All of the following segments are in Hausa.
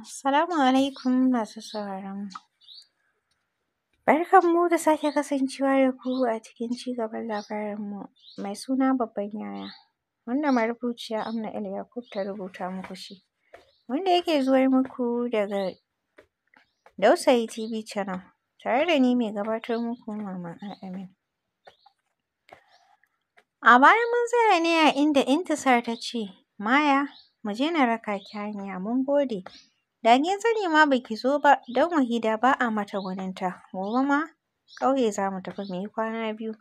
Assalamu alaikum masu sauraron Barkan mu da sake kasancewa da ku a cikin cigaban labarin mu mai suna babban yaya. Wanda marubuciya Amna El Yakub ta rubuta muku shi. Wanda yake zuwar muku daga Dausayi TV Channel. Tare da ni mai gabatar muku Mama Amin A baya mun tsaya ne a inda Intisar ta ce, Maya, mu je na raka ki mun gode. Dariyar zani ma baki zo ba don Wahida ba a mata gwaninta. Gobe ma ƙauye za mu tafi mu yi kwana biyu.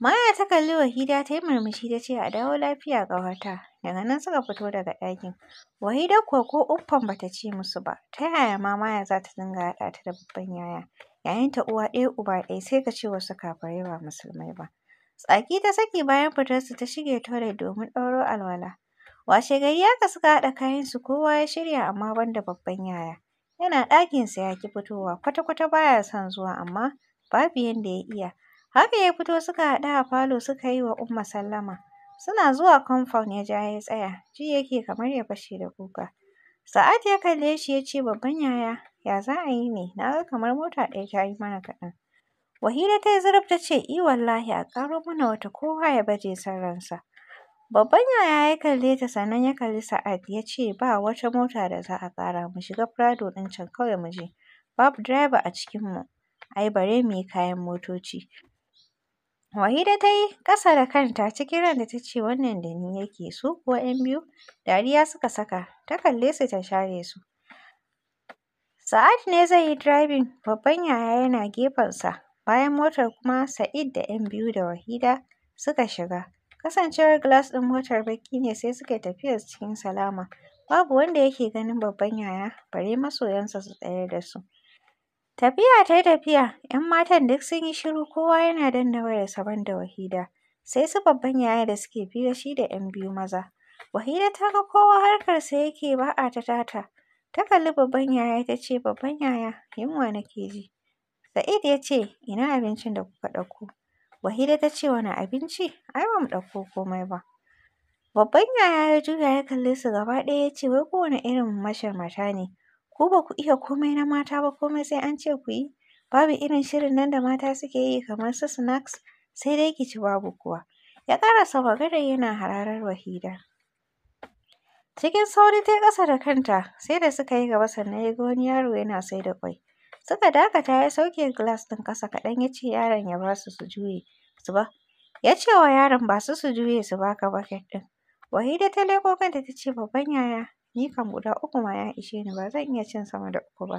Maya ta kalli Wahida ta yi murmushi ta ce a dawo lafiya ƙawarta. Daga nan suka fito daga ɗakin. Wahida kuwa ko uffam ba ta ce musu ba. Ta yaya ma Maya za ta dinga haɗa ta da babban yaya? Yayin ta uwa ɗaya uba ɗaya sai ka ce wasu kafirai ba musulmai ba. Tsaki ta saki bayan fitarsu ta shige toilet domin ɗauro alwala. Washegari haka suka haɗa kayansu kowa ya shirya amma banda babban yaya. Yana ɗakinsa ya ki fitowa kwata-kwata baya son zuwa amma babu yanda ya iya. Haka ya fito suka haɗu a falo suka yi wa Umma sallama. Suna zuwa compound ya ja ya tsaya, ji yake kamar ya fashe da kuka. Sa'ad ya kalle shi ya ce babban yaya ya za a yi ne na ga kamar mota ɗaya ta yi mana kaɗan. Wahila ta yi zuruf ta ce i wallahi a ƙaro mana wata kowa ya baje son ransa. Babban yaya ya kalle ta sannan ya kalli Sa'ad ya ce ba wata mota da za a ƙara, mu shiga Prado ɗin can kawai mu je, babu direba a cikinmu, ai bare mu yi kayan motoci. Wahida ta yi ƙasa da kanta cikin ranta ta ce wannan da ni yake so, ko 'yan biyu dariya suka saka ta kalle su ta share su. Sa'ad ne zai yi direbin babban yaya yana gefensa bayan motar kuma Sa'id da 'yan biyu da Wahida suka shiga. Kasancewar glass ɗin motar baki ne sai suka yi cikin salama, babu wanda yake ganin babban yaya bare masoyansa su tsayar da su. Tafiya ta yi tafiya, 'yan matan duk sun yi shiru kowa yana danna ya ban da Wahida, sai su babban yaya da suke fira shi da 'yan biyu maza. Wahida ta ga kowa harkarsa yake ba a ta tata, ta kalli babban yaya ta ce, babban yaya yunwa nake ji. Sa'id ya ce, ina abincin da kuka ɗauko? Wahida ta ce wani abinci? Ai ba mu ɗauko komai ba. Babban yaya ya juya ya kalli su gaba ɗaya ya ce wai kowane irin mata ne. Ko ba ku iya komai na mata ba komai sai an ce ku yi. Babu irin shirin nan da mata suke yi kamar su snacks sai dai ki ci babu kuwa. Ya ƙarasa maganar yana hararar Wahida. Cikin sauri ta yi ƙasa da kanta sai da suka yi gaba sannan ya ga wani yaro yana sai da ƙwai. Suka dakata ya sauke gilas ɗin kasa kadan, yace ce yaron ya basu su juye su ba. Ya ce wa yaron ba su su juye su baka bucket ɗin. Wahida ta leko kanta ta babban yaya ni kan guda uku ma ya ishe ni ba zan iya cin sama da uku ba.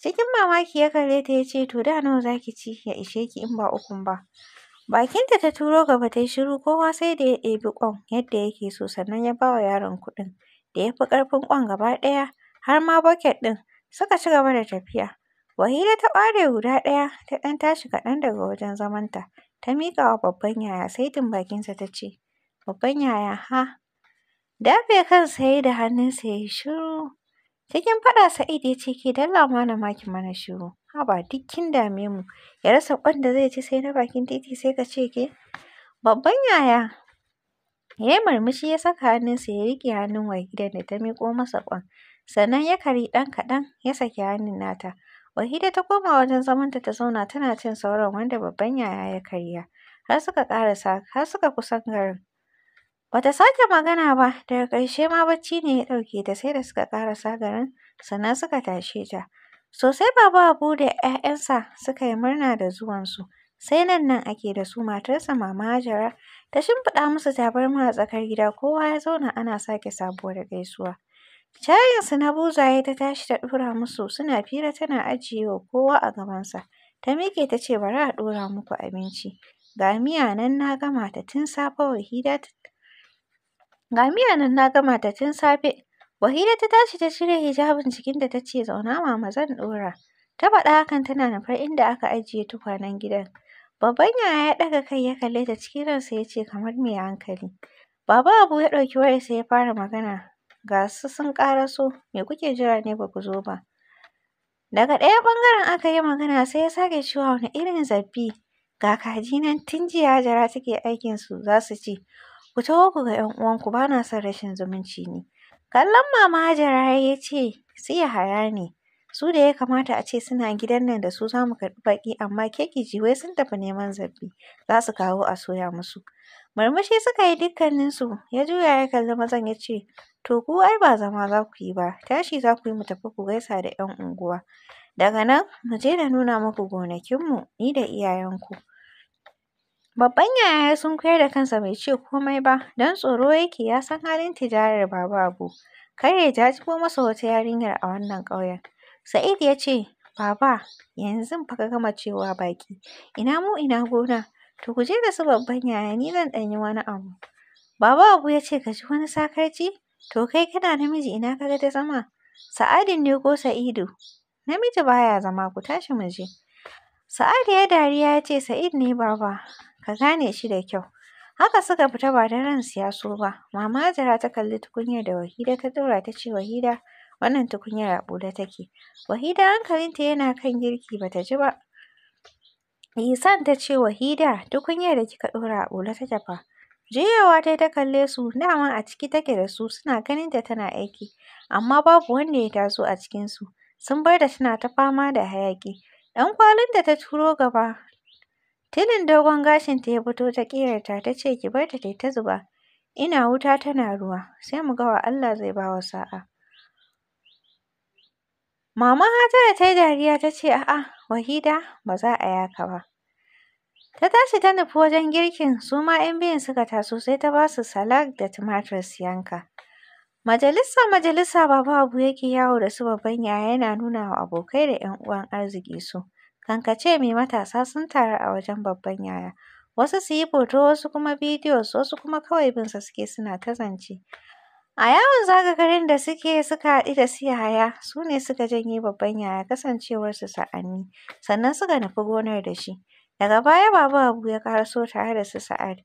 Cikin mamaki ya kalle ta ya to da nawa zaki ci ya ishe ki in ba ukun ba. Bakinta ta turo gaba ta shiru kowa sai da ya ɗebi ƙwan yadda yake so sannan ya ba wa yaron kuɗin da yafi fi ƙarfin ƙwan gaba ɗaya har ma bucket ɗin suka ci gaba da tafiya. Wahida ta ɓare guda ɗaya ta ɗan tashi kaɗan daga wajen zamanta, ta miƙa wa babban yaya saitin bakinsa ta ce, Babban yaya ha! Dafe kan saye da hannunsa ya yi shiru. Cikin faɗa Sa'id ya ce ke dalla mana maki mana shiru. Haba duk kin dame mu. Ya rasa ƙwan da zai ci sai na bakin titi sai ka ce ke. Babban yaya ya yi murmushi ya saka hannunsa ya riƙe hannun gidan da ta miƙo masa ƙwan. Sannan ya kari ɗan kaɗan ya saki hannun nata. Wahida ta koma wajen zamanta ta zauna tana cin sauran wanda babban yaya ya karya. Har suka ƙarasa, har suka kusan garin. Bata sake magana ba, daga ƙarshe ma bacci ne ya ɗauke ta sai da suka ƙarasa garin sannan suka tashe ta. Sosai Baba Habu da 'ya'yansa suka yi murna da zuwansu. Sai nan nan ake da su matarsa Mama Hajara ta shimfiɗa musu tabarma a tsakar gida kowa ya zauna ana sake sabuwar gaisuwa. Jarinsu na buzaye ta tashi ta ɗora musu, suna fira tana ajiyewa kowa a gabansa. Ta miƙe ta ce bari a ɗora muku abinci. Ga miya nan na gama ta tun safe Wahida ta Ga miya nan na gama ta tun safe. Wahida ta tashi ta cire hijabin jikinta ta ce zauna mama zan ɗora. Ta faɗa hakan tana nufar inda aka ajiye tukwanen gidan. Babban yaya ya ɗaga kai ya kalle ta cikin ransa ya ce kamar mai hankali. Baba Abu ya ɗauki wayarsa ya fara magana. ga su sun ƙaraso, me kuke jira ne ba ku zo ba? Daga ɗaya ɓangaren aka yi magana sai ya sake cewa wani irin zabbi ga kaji nan tun jiya Hajara take aikinsu za su ci, ku taho ku ga 'yan uwanku ba na son rashin zumunci ne. Kallon Mama Hajara ya sai ya ce su Yahaya ne, Su da ya kamata a ce suna gidan nan da su za mu karɓi baƙi amma ke wai sun tafi neman zabbi. Za su kawo a soya musu. Murmushi suka yi dukkaninsu. Ya juya ya kalli mazan ya ce, to ku ai ba zama za ku yi ba, tashi za ku yi mu tafi ku gaisa da 'yan unguwa. Daga nan mu je na nuna muku gonakinmu ni da iyayenku. Babban yaya sun koyar da kansa mai ce komai ba don tsoro yake ya san halin tijarar Baba Abu. Kar ya ko masa wata yarinyar a wannan ƙauyen. Sa'id ya ce, Baba, yanzu fa ka gama cewa baƙi, ina mu ina gona, to ku je da su babban yaya ni zan ɗan yi wani abu. Baba Abu ya ce, ka ji wani sakarci? To kai kana namiji ina ka ga ta zama? Sa'adin ne ko Sa'idu? Namiji baya zama ku tashi mu je. Sa'ad ya dariya ya ce, Sa'id ne baba, ka gane shi da kyau. Haka suka fita ba da ransu ya so ba. Mama Hajara ta kalli tukunyar da Wahida ta daura ta ce, Wahida, wannan tukunyar a ɓule take wahida hankalinta yana kan girki bata ji ba isan ta ce wahida tukunyar da kika ɗora a ɓule take fa juyawa tai ta kalle su dama a ciki take da su suna ganin ta tana aiki amma babu wanda ya taso a cikin su sun bar da suna ta fama da hayaki. ɗan kwalin da ta turo gaba tilin dogon gashin ta ya fito ta ƙerata ta ce ki bar ta tai ta zuba ina wuta tana ruwa sai mu ga wa Allah zai bawa sa'a Maman Hajara ta yi dariya ta ce, a'a Wahida ba za a yaka ba. Ta tashi ta nufi wajen girkin su ma 'yan biyun suka taso sai ta ba su salak da tumatir siyanka. yanka. Majalisa majalisa baba Habu yake yawo da su babban yaya yana nuna wa abokai da 'yan uwan arziki su. Kankace mai matasa sun taru a wajen babban yaya. Wasu su yi foto wasu kuma bidiyo wasu kuma kawai bin sa suke suna ta zance. A yawon zaga da suke suka haɗu da su Yahaya, su ne suka janye babban yaya kasancewar su Sa'ani, sannan suka nufi gonar da shi. Daga baya Baba Abu ya karaso tare da su Sa'ad.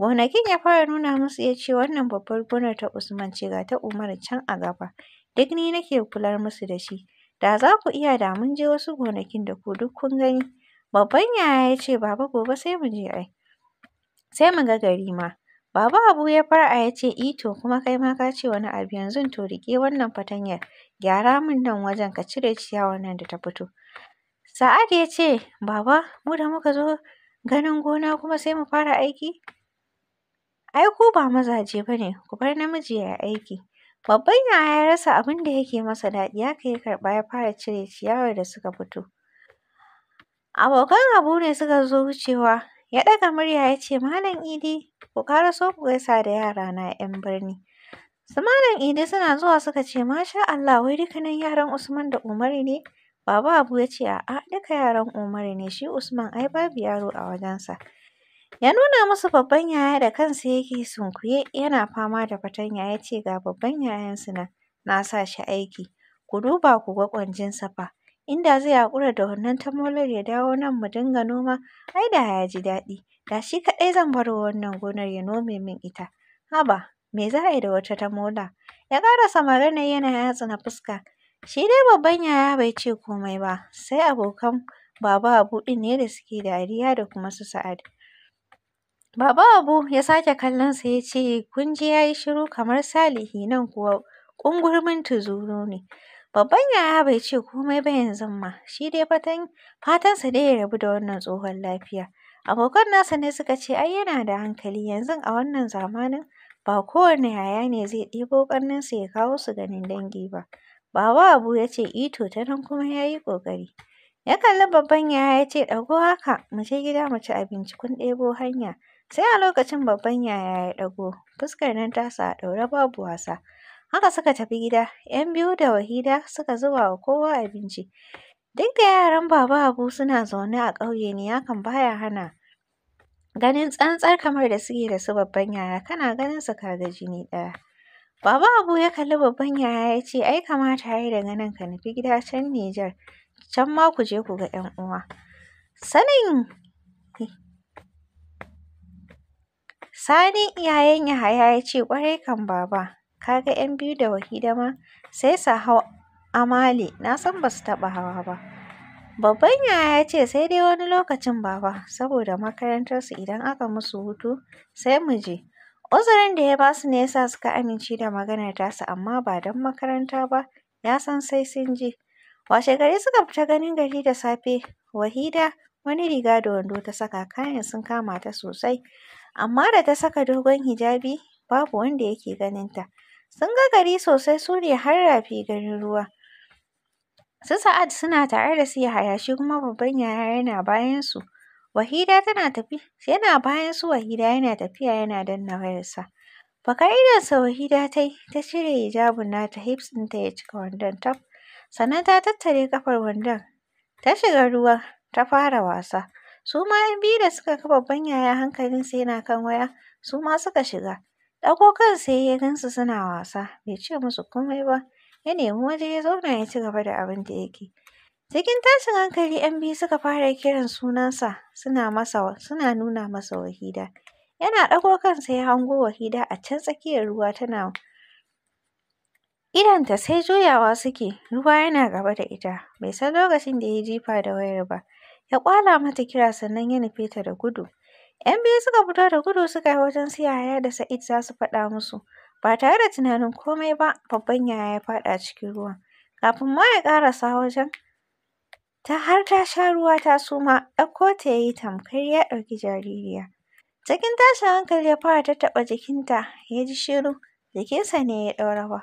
Gonakin ya fara nuna musu ya ce wannan babbar gonar ta Usman ce ga ta Umar, can a gaba, duk ni nake kular musu da shi, da za ku iya da mun je wasu gonakin da ku duk kun gani. Babban yaya ya ce Baba gobe sai mu je ai, sai mu ga gari ma. Baba Habu ya far'a ya ce, I to, kuma kai ma ka ce wani abu yanzu to riƙe wannan fatanyar, gyara min nan wajen ka cire ciyawar nan da ta fito. Sa'ad ya ce, Baba, mu da muka zo ganin gona kuma sai mu fara aiki? Ai ku ba mazaje ba ne, ku bar namiji ya yi aiki. Babban yaya ya rasa abin da yake masa daɗi haka ya karɓa ya fara cire ciyawar da suka fito. Abokan Habu ne suka zo wucewa Ya ɗaga murya ya ce, Malam Idi, ku ƙaraso ku gaisa da yarana 'yan birni. Su Malam Idi suna zuwa suka ce, Masha Allah, wai dukkanin yaran Usman da Umar ne? Baba Abu ya ce, A'a, duka yaran Umar ne, shi Usman ai babu yaro a wajensa. Ya nuna musu babban yaya da kansa yake sunkuye yana fama da fatanya ya ce ga babban yayansu nan na sa shi aiki ku duba ku ga ƙwanjinsa fa Inda zai haƙura da wannan tamolar ya dawo nan mu dinga noma, ai da ya ji daɗi. Da shi kaɗai zan bar wannan gonar ya nome min ita. Haba, me za a yi da wata tamola? Ya ƙarasa maganar yana yatsa na fuska. Shi dai babban yaya bai ce komai ba, sai abokan Baba Abu ɗin ne da suke dariya da kuma su Sa'ad. Baba Abu ya sake kallon sa ya ce, kun ji ya yi shiru kamar salihi nan kuwa ƙungurmin tuzuru ne. Babban yaya bai ce komai ba yanzu ma, shi dai fatan fatansa dai ya rabu da wannan tsohon lafiya. Abokan nasa ne suka ce ai yana da hankali yanzu a wannan zamanin ba kowane yaya ne zai ɗebo sa ya kawo su ganin dangi ba. Baba Abu ya ce ito ta nan kuma ya yi ƙoƙari. Ya kalli babban yaya ya ce ɗago haka mu je gida mu ci abinci kun ɗebo hanya. Sai a lokacin babban yaya ya ɗago fuskar nan tasa a ɗaure babu wasa. Haka suka tafi gida, ‘yan biyu da Wahida suka zuba wa kowa abinci. Duk da yaran Baba Abu suna zaune a ƙauye ne hakan baya hana ganin tsantsar kamar da suke da su babban yaya kana ganin su ka ga jini ɗaya. Baba Abu ya kalli babban yaya ya ce ai kamata ya yi daga nan ka nufi gida can Nijar, can ma ku je ku ga ‘yan uwa. Sanin Sani iyayen Yahaya ya ce ƙwarai kan baba, Ka ga 'yan biyu da Wahida ma sai su hau amale na san ba su taɓa hawa ba. Babban yaya ya ce sai dai wani lokacin baba saboda makarantarsu idan aka musu hutu sai mu je. Uzurin da ya ba su ne yasa suka amince da maganar tasu amma ba don makaranta ba ya san sai sun je. washe gari suka fita ganin gari da safe Wahida wani riga da wando ta saka kayan sun kama ta sosai amma da ta saka dogon hijabi babu wanda yake ganinta. Sun ga gari sosai su ne har rafi garin ruwa. Su Sa'ad suna tare da su Yahaya shi kuma babban yaya yana bayan su. Wahida tana tafi yana bayan su Wahida yana tafiya yana danna wayarsa. Bakar sa Wahida ta yi ta cire hijabin nata hips ɗinta ya cika wandon tab. Sannan ta tattare kafar wandon ta shiga ruwa ta fara wasa. Su ma ‘yan biyu da suka ga babban yaya hankalinsa yana kan waya su ma suka shiga. Ɗago kansa ya yi gansu suna wasa, bai ce musu komai ba. Ya nemi waje ya zauna ya ci gaba da abin da yake. Cikin tashin hankali ‘yan biyu suka fara kiran sunansa suna masa suna nuna masa Wahida. Yana ɗago kansa ya hango Wahida a can tsakiyar ruwa tana idonta sai juyawa suke, ruwa yana gaba da ita. Bai san lokacin da ya jifa da wayar ba. Ya kwala mata kira sannan ya nufe ta da gudu. ‘Yan biyu suka fito da gudu suka yi wajen su Yahaya da Sa'id za su faɗa musu. Ba tare da tunanin komai ba, babban yaya ya faɗa cikin ruwa. Kafin ma ya ƙarasa wajen, ta har ta sha ruwa ta suma, ɗauko ta ya yi tamkar ya ɗauki jaririya. Cikin tashin hankali ya fara tattaɓa jikinta, ya ji shiru, jikinsa ne ya ɗau rawa.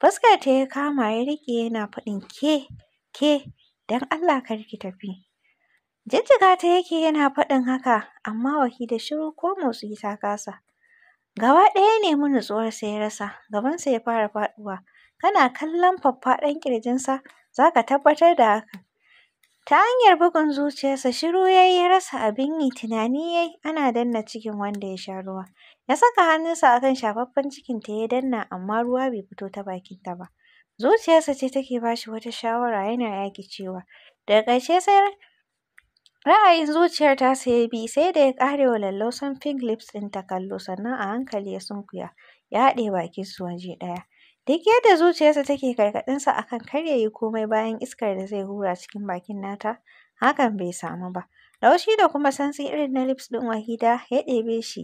Fuskarta ya kama ya riƙe yana faɗin ke, ke, don Allah kar ki tafi. Jijjiga ta yake yana faɗin haka, amma waki da shiru ko motsi ta kasa. Gaba ɗaya ya nutsuwar nutsuwarsa ya rasa, gabansa ya fara faɗuwa. Kana kallon faffaɗan ƙirjinsa, za ka tabbatar da hakan. Ta hanyar bugun zuciyarsa, shiru ya yi rasa abin yi, tunani ya yi ana danna cikin wanda ya sha ruwa. Ya saka hannunsa a kan shafaffen ta ya danna, amma ruwa bai fito ta bakinta ba. Zuciyarsa ce take ba shi wata shawara yana yaƙi cewa, daga ƙarshe sai Ra'ayin zuciyar ta sai bi sai da ya kare wa lallausan pink lips ɗinta kallo sannan a hankali ya sunkuya, ya haɗe bakin su waje ɗaya. Duk yadda zuciyarsa take gargaɗinsa a kan kar ya yi komai bayan iskar da zai hura cikin bakin nata, hakan bai samu ba. Laushi da kuma santsi irin na lips ɗin Wahida ya ɗebe shi.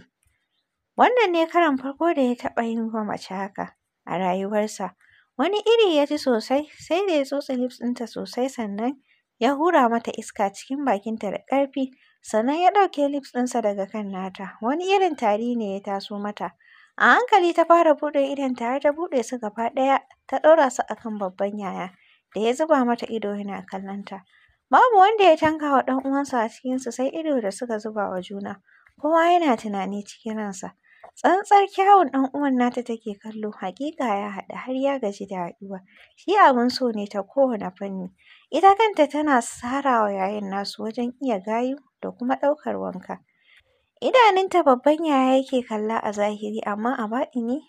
Wannan ne karan farko da ya taɓa yin wa mace haka a rayuwarsa. Wani iri ya ji sosai sai da ya tsotse lips ɗinta sosai sannan ya hura mata iska cikin bakinta da ƙarfi sannan ya ɗauke lips ɗinsa daga kan nata wani irin tari ne ya taso mata a hankali ta fara buɗe idon har ta buɗe su gaba ɗaya ta ɗora su akan babban yaya da ya zuba mata ido yana kallonta. babu wanda ya tanka wa ɗan uwansa a cikinsu sai ido da suka zuba wa juna kowa yana tunani cikin ransa tsantsar kyawun ɗan uwan nata take kallo haƙiƙa ya haɗu har ya gaji da haɗuwa shi abin so ne ta kowane fanni Ita kanta tana sarawa yayin nasu wajen iya gayu da kuma ɗaukar wanka. Idanunta babban yaya yake kalla a zahiri amma a baɗini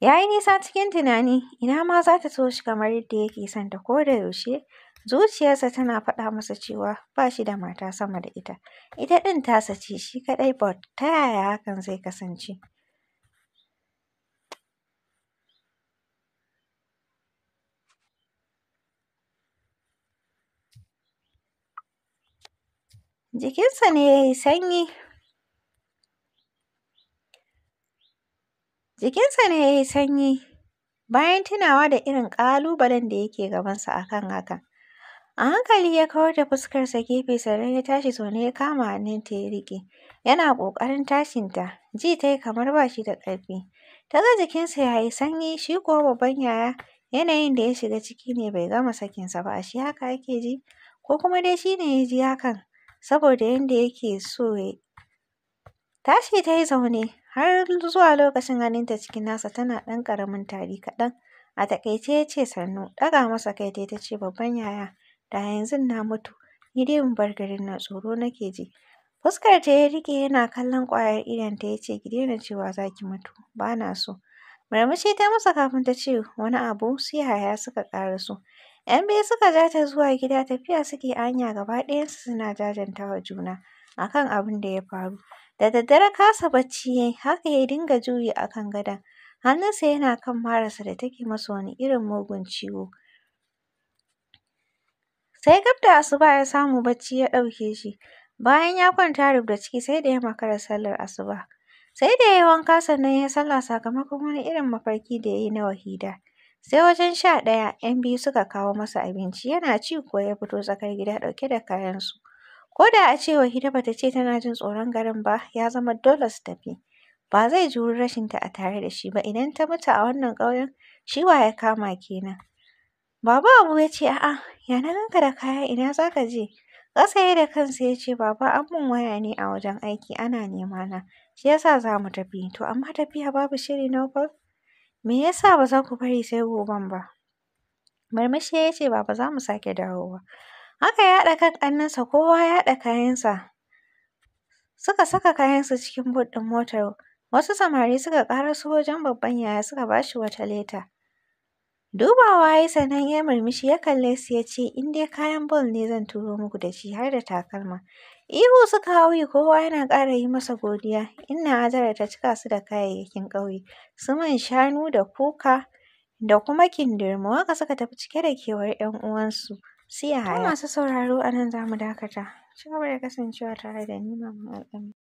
ya yi nisa cikin tunani ina ma za ta so kamar yadda yake son ta ko da yaushe zuciyarsa tana faɗa masa cewa ba shi da mata sama da ita ita ɗin ta ce shi kaɗai ba ta yaya hakan zai kasance Jikinsa ne ya yi sanyi. Jikinsa ne ya sanyi bayan tunawa da irin ƙalubalen da yake gabansa a kan hakan. A hankali ya kawar da fuskarsa gefe sannan ya tashi zaune ya kama ta ya riƙe. Yana ƙoƙarin tashinta, ji ta yi kamar ba shi da ƙarfi. Ta ga jikinsa ya yi sanyi shi kuwa babban yaya yanayin da ya shiga ciki ne bai gama sakinsa ba shi haka yake ji ko kuma dai shi ne ya ji hakan saboda yanda yake so ya yi. Tashi ta yi zaune har zuwa lokacin hannunta cikin nasa tana ɗan ƙaramin tari kaɗan. A taƙaice ya ce sannu, ɗaga masa kai tai ta ce babban yaya da yanzu na mutu ni dai in bar garin nan tsoro nake ji. Fuskar ta ya riƙe yana kallon ƙwayar idonta ya ce ki daina cewa za ki mutu ba na so. Murmushi ta masa kafin ta ce wani abu sai yaya suka ƙaraso. 'Yan biyu suka ja ta zuwa gida tafiya suke a hanya gaba ɗaya suna jajanta wa juna akan kan abin da ya faru. Da daddare kasa bacci yayi haka ya dinga juyi akan kan gadon hannunsa yana kan marasa da take masa wani irin mugun ciwo. Sai gab da asuba ya samu bacci ya ɗauke shi. Bayan ya kwanta rubda ciki sai da ya makara sallar asuba. Sai da yayi wanka sannan ya yi sallah sakamakon wani irin mafarki da yayi yi na wahida. Sai wajen sha ɗaya ‘yan biyu suka kawo masa abinci yana ci kuwa ya fito tsakar gida ɗauke da kayansu. Ko da a ce Wahida ba ce tana jin tsoron garin ba ya zama dole su tafi. Ba zai juri rashinta a tare da shi ba idan ta mutu a wannan ƙauyen shi wa ya kama kenan. Baba Abu ya ce a'a ya na ganka da kaya ina za ka je? Ƙasa da kansa ya ce baba an mun waya ne a wajen aiki ana nema na shi yasa za mu tafi to amma tafiya babu shiri na Nobel. Me ya sa ba za ku bari sai goben ba? Murmushi ya ce ba za mu sake dawo ba. Haka ya haɗa kan ƙannensa kowa ya haɗa kayansa. Suka saka kayansu cikin but ɗin motar. Wasu samari suka su wajen babban yaya suka ba shi wata leta. Dubawa ya yi sannan ya murmushi ya kalle su ya ce in dai kayan bol ne zan turo muku da shi har da takalma. Ihu suka hau yi kowa yana ƙara yi masa godiya, inna Hajara ta cika su da kayayyakin ƙauye, su man shanu da kuka da kuma kindirmo, haka suka tafi cike da kewar 'yan uwansu su Yahaya. masu sauraro a nan za mu dakata, ci gaba da kasancewa tare da ni Maman